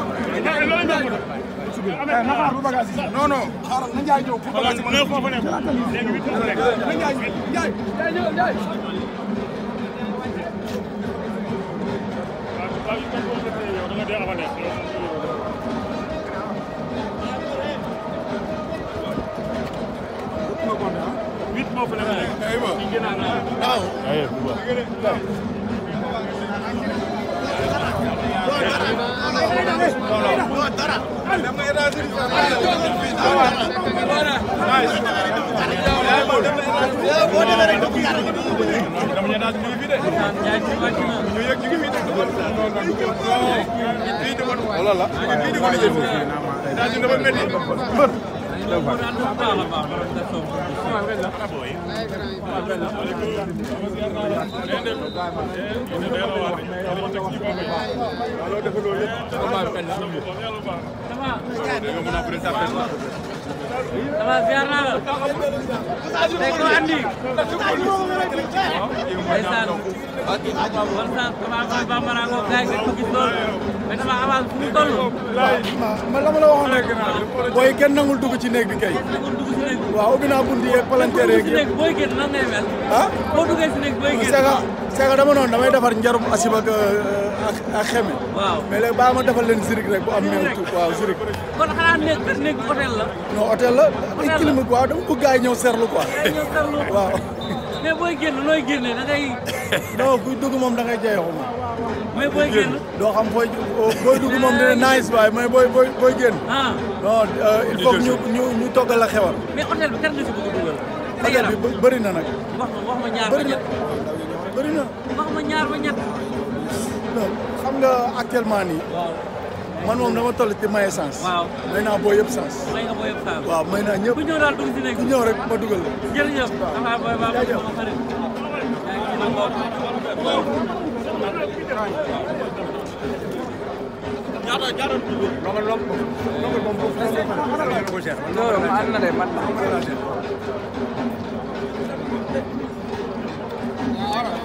non non xaaral na Ndiaye ñëw pour bagage yi ma nekk foofu nekk léegi huit heures rek na Ndiaye Ndiaye Ndiaye Ndiaye huit moo fa nekk aywa waaw Orange ñu ngi fi de. ñu yëg ñu ngi fi de dugal. fii dugal. wala la fii dugal yëpp. daal di dafa métti. mbër. Thank you. dama ziar naa la tey ko andi ndeysaan kon sax dama amoon bambara ko gars yi ko gis lool mais dama avance fu mu toll man la ma la waxoon rek booy kenn nangul dugg ci néeg bi kay waaw ubbi naa bunt yeeg palanteer yeeg booy génn nan ngay mel ah? boo duggee si néeg booy génn c'est que dama noonu damay defar njarum asib euh, ak ak xeme. mais baa ma defal leen zirik rek bu am néew tuuti waaw zirik. kon xanaa la. non hôtel la ay ñëw seetlu quoi. ñëw seetlu waaw. mais booy génn nooy da ngay. non moom da ngay jeexu ma. mais booy génn. doo xam fooy oh, booy dugg moom dina nice waaye mais boo booy booy génn. Ah. non euh, il faut ñu ñu ñu toggal la xewal. mais hôtel bi kan nga si bëgg a dugal. hôtel bi bëri na nag. wax ma wax ma na. Banyak na. kamu ma ñaar ba Mana non xam nga actuellement nii. waaw man moom dama toll ci maye sens. waaw may naa booy yëpp sens. may nga booy yëpp sens. waaw may naa ñëpp. bu ñëw daal dugg si nekk. bu ñëw rek ma dugal la. jërëjëf. waaw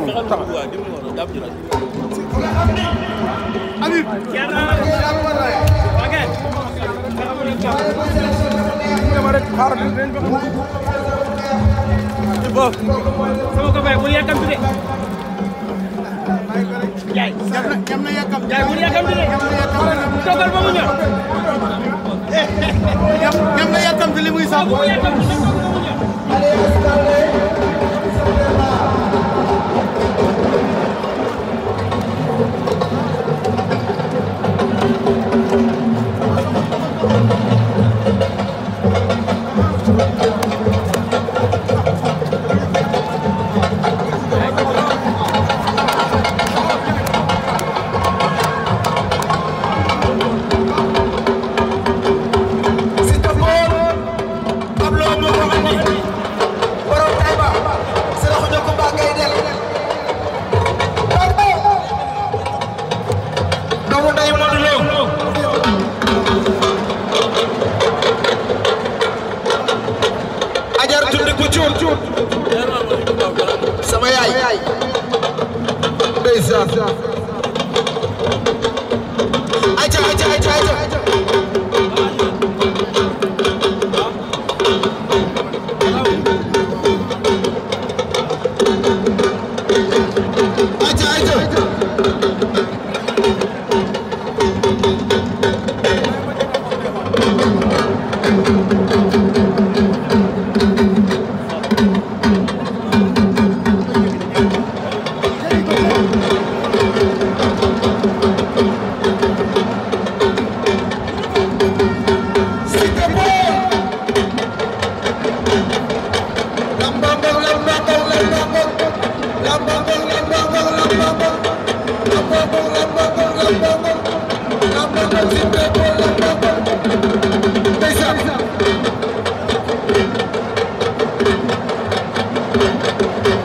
Yam na yàkkam fi li muy sàmm yaay ndeysaan ayca ayca ayca ayca Thank you.